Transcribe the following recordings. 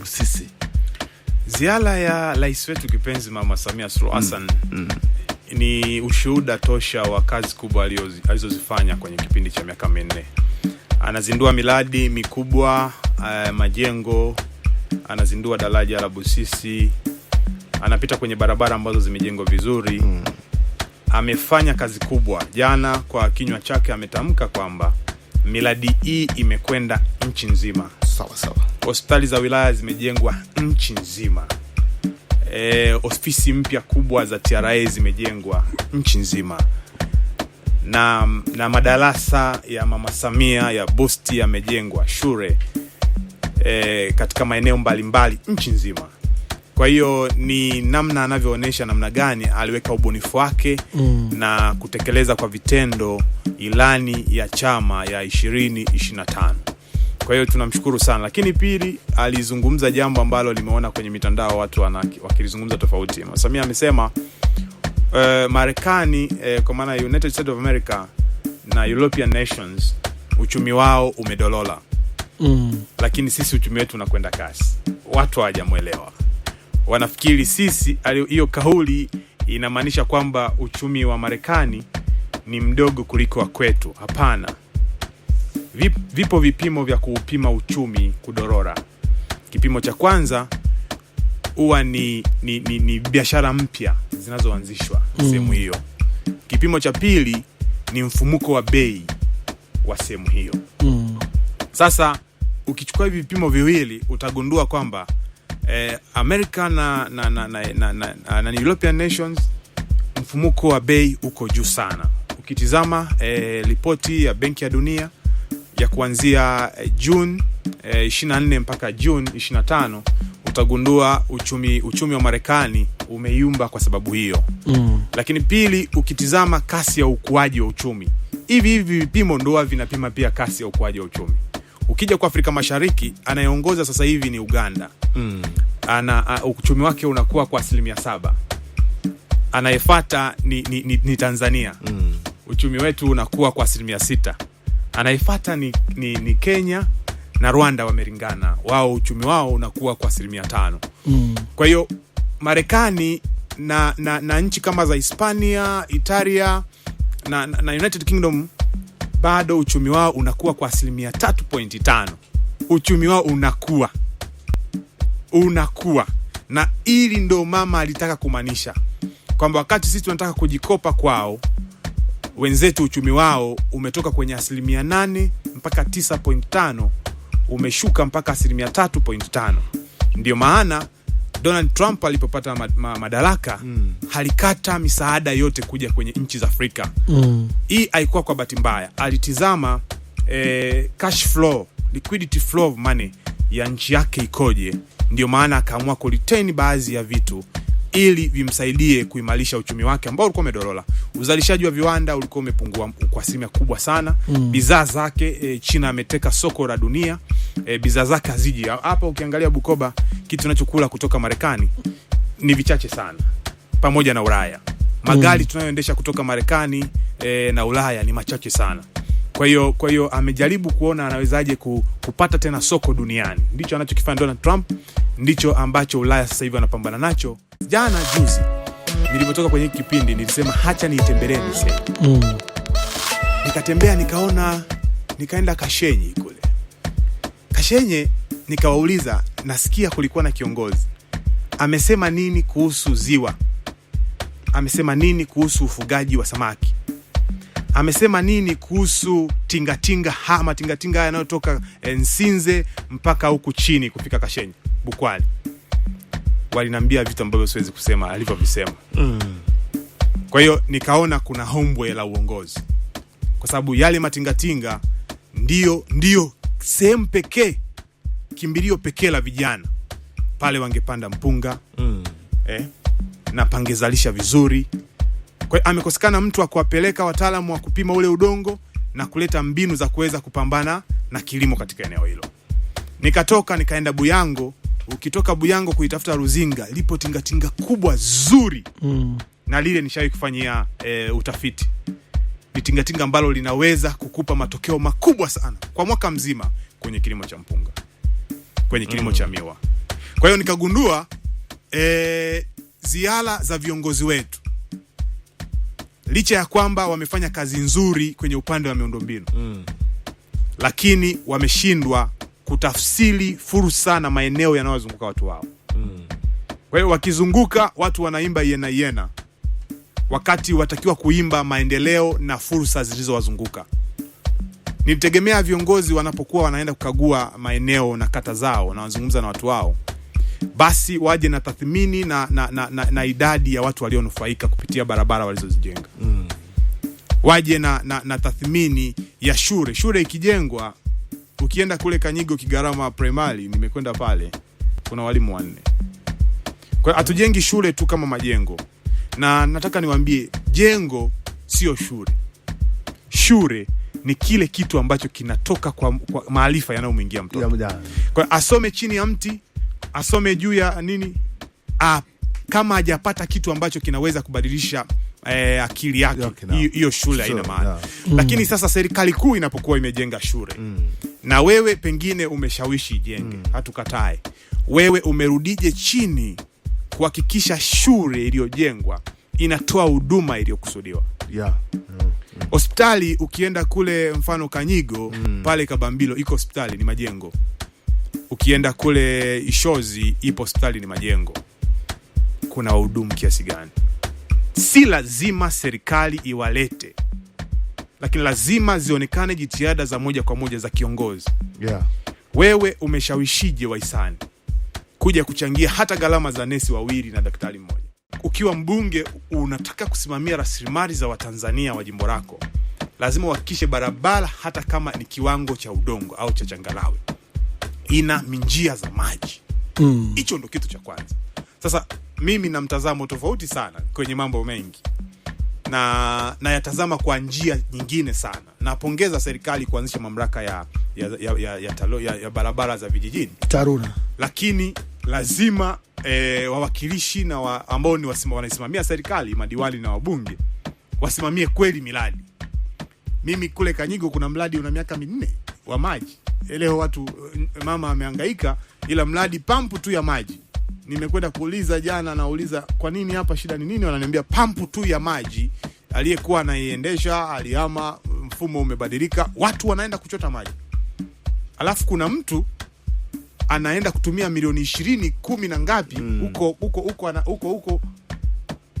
Busisi. Ziara ya rais wetu kipenzi Mama Samia Suluhu Hassan mm, mm. ni ushuhuda tosha wa kazi kubwa alizozifanya kwenye kipindi cha miaka minne. Anazindua miradi mikubwa uh, majengo, anazindua daraja la Busisi, anapita kwenye barabara ambazo zimejengwa vizuri mm. Amefanya kazi kubwa. Jana kwa kinywa chake ametamka kwamba miradi hii imekwenda nchi nzima sawa sawa. Hospitali za wilaya zimejengwa nchi nzima e, ofisi mpya kubwa za TRA zimejengwa nchi nzima na, na madarasa ya Mama Samia ya bosti yamejengwa shule e, katika maeneo mbalimbali nchi nzima. Kwa hiyo ni namna anavyoonyesha namna gani aliweka ubunifu wake mm, na kutekeleza kwa vitendo ilani ya chama ya 2025. Kwa hiyo tunamshukuru sana, lakini pili, alizungumza jambo ambalo limeona kwenye mitandao watu wakilizungumza tofauti. Samia amesema uh, Marekani uh, kwa maana United States of America na European nations uchumi wao umedolola mm. Lakini sisi uchumi wetu unakwenda kasi. Watu hawajamwelewa, wanafikiri sisi, hiyo kauli inamaanisha kwamba uchumi wa Marekani ni mdogo kuliko wa kwetu. Hapana. Vip, vipo vipimo vya kuupima uchumi kudorora. Kipimo cha kwanza huwa ni, ni, ni, ni biashara mpya zinazoanzishwa mm. sehemu hiyo. Kipimo cha pili ni mfumuko wa bei wa sehemu hiyo mm. Sasa ukichukua hivi vipimo viwili utagundua kwamba eh, America na, na, na, na, na, na, na, na European nations mfumuko wa bei uko juu sana. Ukitizama eh, ripoti ya Benki ya Dunia ya kuanzia eh, June eh, 24 mpaka June 25 utagundua uchumi, uchumi wa Marekani umeyumba kwa sababu hiyo mm. Lakini pili, ukitizama kasi ya ukuaji wa uchumi, hivi hivi vipimo ndoa vinapima pia kasi ya ukuaji wa uchumi. Ukija kwa Afrika Mashariki, anayeongoza sasa hivi ni Uganda mm. Ana uh, uchumi wake unakuwa kwa asilimia saba. Anayefata ni, ni, ni, ni Tanzania mm. Uchumi wetu unakuwa kwa asilimia sita Anaifata ni, ni, ni Kenya na Rwanda wameringana, wao uchumi wao unakuwa kwa asilimia tano. Mm. Kwa hiyo Marekani na, na, na nchi kama za Hispania, Italia na, na United Kingdom bado uchumi wao unakuwa kwa asilimia tatu tano. Uchumi wao unakuwa unakuwa, na ili ndo mama alitaka kumaanisha kwamba wakati sisi tunataka kujikopa kwao wenzetu uchumi wao umetoka kwenye asilimia 8 mpaka 9.5 umeshuka mpaka asilimia 3.5. Ndio maana Donald Trump alipopata madaraka mm. halikata misaada yote kuja kwenye nchi za Afrika mm. hii haikuwa kwa bahati mbaya, alitizama eh, cash flow, liquidity flow of money ya nchi yake ikoje, ndio maana akaamua kuretain baadhi ya vitu ili vimsaidie kuimarisha uchumi wake ambao ulikuwa umedorola. Uzalishaji wa viwanda ulikuwa umepungua kwa asilimia kubwa sana mm. Bidhaa zake e, China ameteka soko la dunia e, bidhaa zake haziji hapa. Ukiangalia Bukoba, kitu tunachokula kutoka Marekani ni vichache sana, pamoja na Ulaya. Magari mm. tunayoendesha kutoka Marekani e, na Ulaya ni machache sana. Kwa hiyo kwa hiyo amejaribu kuona anawezaje kupata tena soko duniani, ndicho anachokifanya Donald Trump, ndicho ambacho Ulaya sasa hivi wanapambana nacho. Jana juzi nilivyotoka kwenye kipindi nilisema hacha niitembelee mse mm. Nikatembea nikaona, nikaenda Kashenye kule Kashenye nikawauliza, nasikia kulikuwa na kiongozi amesema nini kuhusu ziwa, amesema nini kuhusu ufugaji wa samaki, amesema nini kuhusu tingatinga haya matingatinga haya yanayotoka eh, Nsinze mpaka huku chini kufika Kashenye Bukwali walinambia vitu ambavyo siwezi kusema alivyovisema mm. kwa hiyo nikaona kuna hombwe la uongozi kwa sababu yale matingatinga ndio ndio sehemu pekee kimbilio pekee la vijana pale wangepanda mpunga mm. eh, na pangezalisha vizuri kwa amekosekana mtu akuwapeleka wataalamu wa kupima ule udongo na kuleta mbinu za kuweza kupambana na kilimo katika eneo hilo nikatoka nikaenda buyango ukitoka Buyango kuitafuta Ruzinga lipo tingatinga kubwa zuri mm. na lile nishawahi kufanyia e, utafiti ni tingatinga ambalo linaweza kukupa matokeo makubwa sana kwa mwaka mzima kwenye kilimo cha mpunga, kwenye kilimo mm. cha miwa. Kwa hiyo nikagundua e, ziara za viongozi wetu licha ya kwamba wamefanya kazi nzuri kwenye upande wa miundombinu mm. lakini wameshindwa kutafsiri fursa na maeneo yanayozunguka watu wao mm. Kwa hiyo wakizunguka watu wanaimba yena yena, wakati watakiwa kuimba maendeleo na fursa zilizowazunguka. Nilitegemea viongozi wanapokuwa wanaenda kukagua maeneo na kata zao na wanazungumza na watu wao, basi waje na tathmini na, na, na, na, na idadi ya watu walionufaika kupitia barabara walizozijenga mm. waje na, na, na tathmini ya shule. Shule ikijengwa ukienda kule Kanyigo Kigarama Primary, nimekwenda pale, kuna walimu wanne. Kwa hatujengi shule tu kama majengo, na nataka niwaambie, jengo sio shule. Shule ni kile kitu ambacho kinatoka kwa, kwa maarifa yanayomwingia mtoto. Kwa asome chini ya mti, asome juu ya nini, a, ah, kama hajapata kitu ambacho kinaweza kubadilisha eh, akili yake hiyo, shule haina maana. Lakini mm. sasa serikali kuu inapokuwa imejenga shule mm na wewe pengine umeshawishi ijenge mm. Hatukatae, wewe umerudije chini kuhakikisha shule iliyojengwa inatoa huduma iliyokusudiwa yeah. mm. Hospitali ukienda kule mfano Kanyigo mm. pale Kabambilo iko hospitali ni majengo. Ukienda kule Ishozi ipo hospitali ni majengo. Kuna wahudumu kiasi gani? Si lazima serikali iwalete lakini lazima zionekane jitihada za moja kwa moja za kiongozi yeah. Wewe umeshawishije waisani kuja kuchangia hata gharama za nesi wawili na daktari mmoja? Ukiwa mbunge unataka kusimamia rasilimali za Watanzania wa jimbo lako, lazima uhakikishe barabara, hata kama ni kiwango cha udongo au cha changarawe, ina minjia za maji mm. hicho mm. Ndo kitu cha kwanza. Sasa mimi na mtazamo tofauti sana kwenye mambo mengi na nayatazama kwa njia nyingine sana. Napongeza serikali kuanzisha mamlaka ya, ya, ya, ya, ya, talo, ya, ya barabara za vijijini taruna lakini lazima e, wawakilishi na wa, ambao ni wanaisimamia serikali, madiwani na wabunge wasimamie kweli miradi. Mimi kule Kanyigo kuna mradi una miaka minne wa maji. Leo watu eh, mama ameangaika ila mradi pampu tu ya maji nimekwenda kuuliza jana, nauliza kwa nini hapa, shida ni nini? Wananiambia pampu tu ya maji aliyekuwa anaiendesha aliama, mfumo umebadilika, watu wanaenda kuchota maji, alafu kuna mtu anaenda kutumia milioni ishirini kumi na ngapi hmm. huko huko huko huko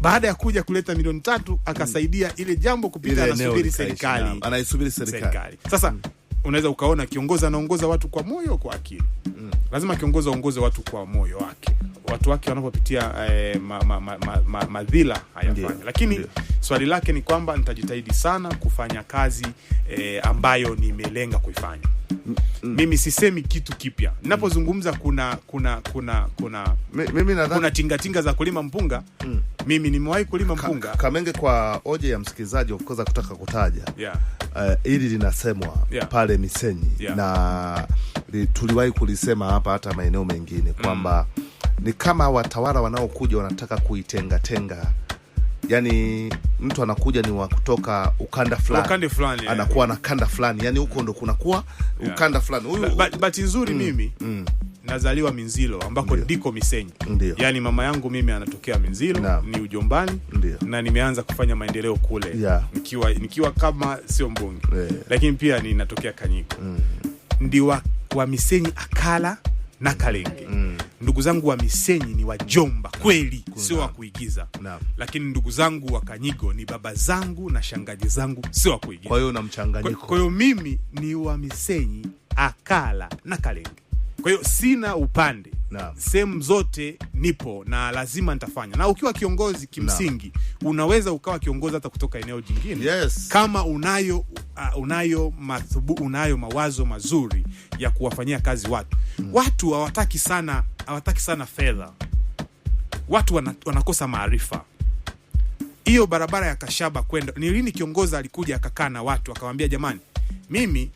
baada ya kuja kuleta milioni tatu akasaidia ile jambo kupita, anasubiri serikali, anaisubiri serikali. Sasa mm unaweza ukaona kiongozi anaongoza watu kwa moyo kwa akili mm. lazima kiongozi aongoze watu kwa moyo wake watu wake wanapopitia eh, madhila ma, ma, ma, ma, ma hayafanya lakini Ndiyo. swali lake ni kwamba nitajitahidi sana kufanya kazi eh, ambayo nimelenga kuifanya Mm. mm. mimi sisemi kitu kipya ninapozungumza kuna kuna kuna kuna mimi nadhani kuna za kulima mpunga mm. mimi nimewahi kulima mpunga ka, kamenge kwa oje ya msikilizaji kutaka kutaja yeah. Eh, hili ili linasemwa yeah. pale Misenyi yeah. na li, tuliwahi kulisema hapa hata maeneo mengine mm. kwamba mm. ni kama watawala wanaokuja wanataka kuitengatenga yani mtu anakuja ni wa kutoka ukanda fulani fulani anakuwa yeah. na kanda fulani yani huko ndo kunakuwa yeah. ukanda fulani huyu bahati nzuri mm, mimi mm nazaliwa Minzilo ambako Ndiyo. ndiko Misenyi. Ndiyo. Yani mama yangu mimi anatokea Minzilo na. ni ujombani Ndiyo. na nimeanza kufanya maendeleo kule Yeah. nikiwa, nikiwa kama sio mbunge Yeah. lakini pia ninatokea Kanyiko mm. ndi wa, wa Misenyi Akala na Kalenge mm. ndugu zangu wa Misenyi ni wajomba kweli, sio wa kuigiza lakini ndugu zangu wa Kanyigo ni baba zangu na shangaji zangu, sio wa kuigiza. Kwa hiyo na mchanganyiko. kwa hiyo mimi ni wa Misenyi Akala na Kalenge kwa hiyo sina upande Sehemu zote nipo na lazima nitafanya, na ukiwa kiongozi kimsingi na. Unaweza ukawa kiongozi hata kutoka eneo jingine yes. Kama unayo, uh, unayo, mathubu, unayo mawazo mazuri ya kuwafanyia kazi watu mm. Watu hawataki sana, hawataki sana fedha, watu wana, wanakosa maarifa hiyo barabara ya Kashaba kwenda ni lini? Kiongozi alikuja akakaa na watu akawambia, jamani, mimi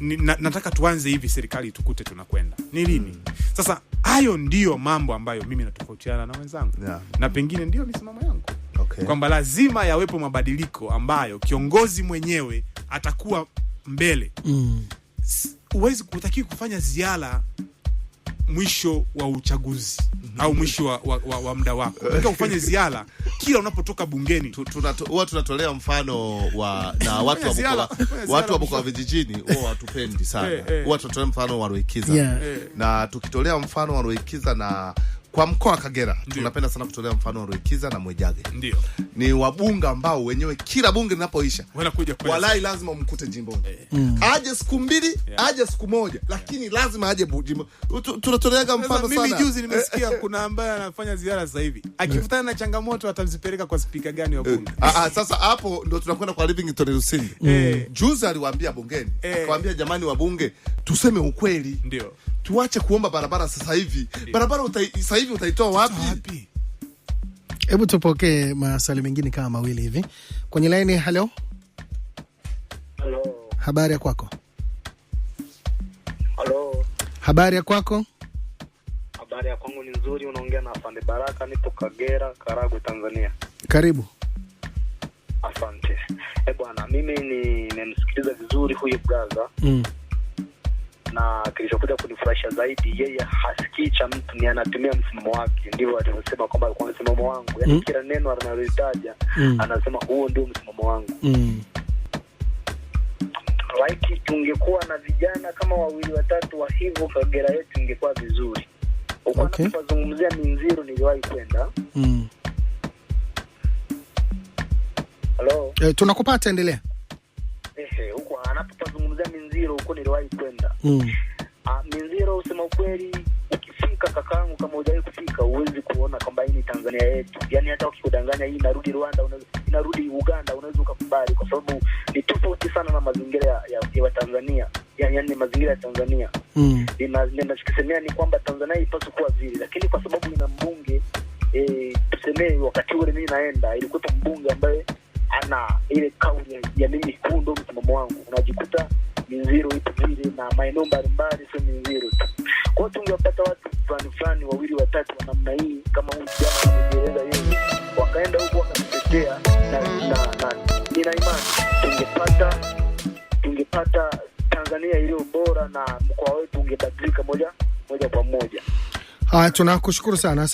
ni, na, nataka tuanze hivi, serikali tukute tunakwenda ni lini? mm. Sasa hayo ndiyo mambo ambayo mimi natofautiana na wenzangu yeah. na pengine ndiyo misimamo yangu okay. kwamba lazima yawepo mabadiliko ambayo kiongozi mwenyewe atakuwa mbele mm. huwezi kutakiwa kufanya ziara mwisho wa uchaguzi au mwisho wa, wa, wa, wa muda wako katika ufanye ziara kila unapotoka bungeni huwa tunatolea mfano wa na watu wa Bukoba watu wa vijijini huwa watupendi sana eh, eh. huwa tunatolea mfano wa Rweikiza na tukitolea mfano wa Rweikiza na kwa mkoa wa Kagera tunapenda sana kutolea mfano wa Rukiza na Mwejage. Ndio. Ni wabunge ambao wenyewe kila bunge linapoisha wanakuja kwa walai, lazima umkute jimboni eh. mm. aje siku mbili yeah. aje siku moja lakini yeah. lazima aje jimbo. Tunatoleaga mfano sana. Mimi juzi nimesikia kuna ambaye anafanya ziara sasa hivi akivutana na changamoto atamzipeleka kwa spika gani wa eh, bunge. Ah, ah, sasa hapo ndo tunakwenda kwa Livingstone Lusinde. Eh. mm. Juzi aliwaambia bungeni eh. akawaambia jamani, wa bunge tuseme ukweli. Ndio tuache kuomba barabara sasa hivi. Barabara sasa hivi utaitoa wapi? Hebu tupokee maswali mengine kama mawili hivi kwenye laini. Halo, habari ya kwako? Halo, habari ya kwako? Habari ya kwangu ni nzuri. Unaongea na Afande Baraka, nipo Kagera, Karagwe, Tanzania. Karibu. Asante. Eh bwana, mimi nimemsikiliza vizuri huyu brother mm na kilichokuja kunifurahisha zaidi, yeye hasikii cha mtu, ni anatumia msimamo wake. Ndivyo alivyosema kwamba alikuwa msimamo wangu, yani mm. Yaani kila neno analolitaja mm. anasema huo ndio msimamo wangu mm. tungekuwa na vijana kama wawili watatu wa hivyo, Kagera yetu ingekuwa vizuri. Okay. Minziro, niliwahi kwenda mm. Halo, eh, tunakupata endelea. Ehe, Miziro huko niliwahi kwenda mm. Uh, Miziro usema ukweli, ukifika kakaangu, kama hujawahi kufika huwezi kuona kwamba hii ni Tanzania yetu. Yani hata ukikudanganya hii inarudi Rwanda, unaweza inarudi Uganda, unaweza ukakubali, kwa sababu ni tofauti sana na mazingira ya, ya ya Tanzania yani, yani mazingira ya Tanzania mm. Ninachokisemea ni kwamba Tanzania ipaswa kuwa vile, lakini kwa sababu ina mbunge eh, tusemee, wakati ule mimi naenda ilikuwepo mbunge ambaye ana ile kauli ya mimi, huu ndio msimamo wangu, unajikuta Minziro ipo mjini na maeneo mbalimbali, sio Minziro tu. Kwa hiyo tungepata watu fulani fulani wawili watatu wa namna hii, kama huyu kijana anavyoeleza yeye, wakaenda huko wakajitetea, na na nina imani tungepata tungepata Tanzania iliyo bora na mkoa wetu ungebadilika moja moja kwa moja. Haya, tunakushukuru sana.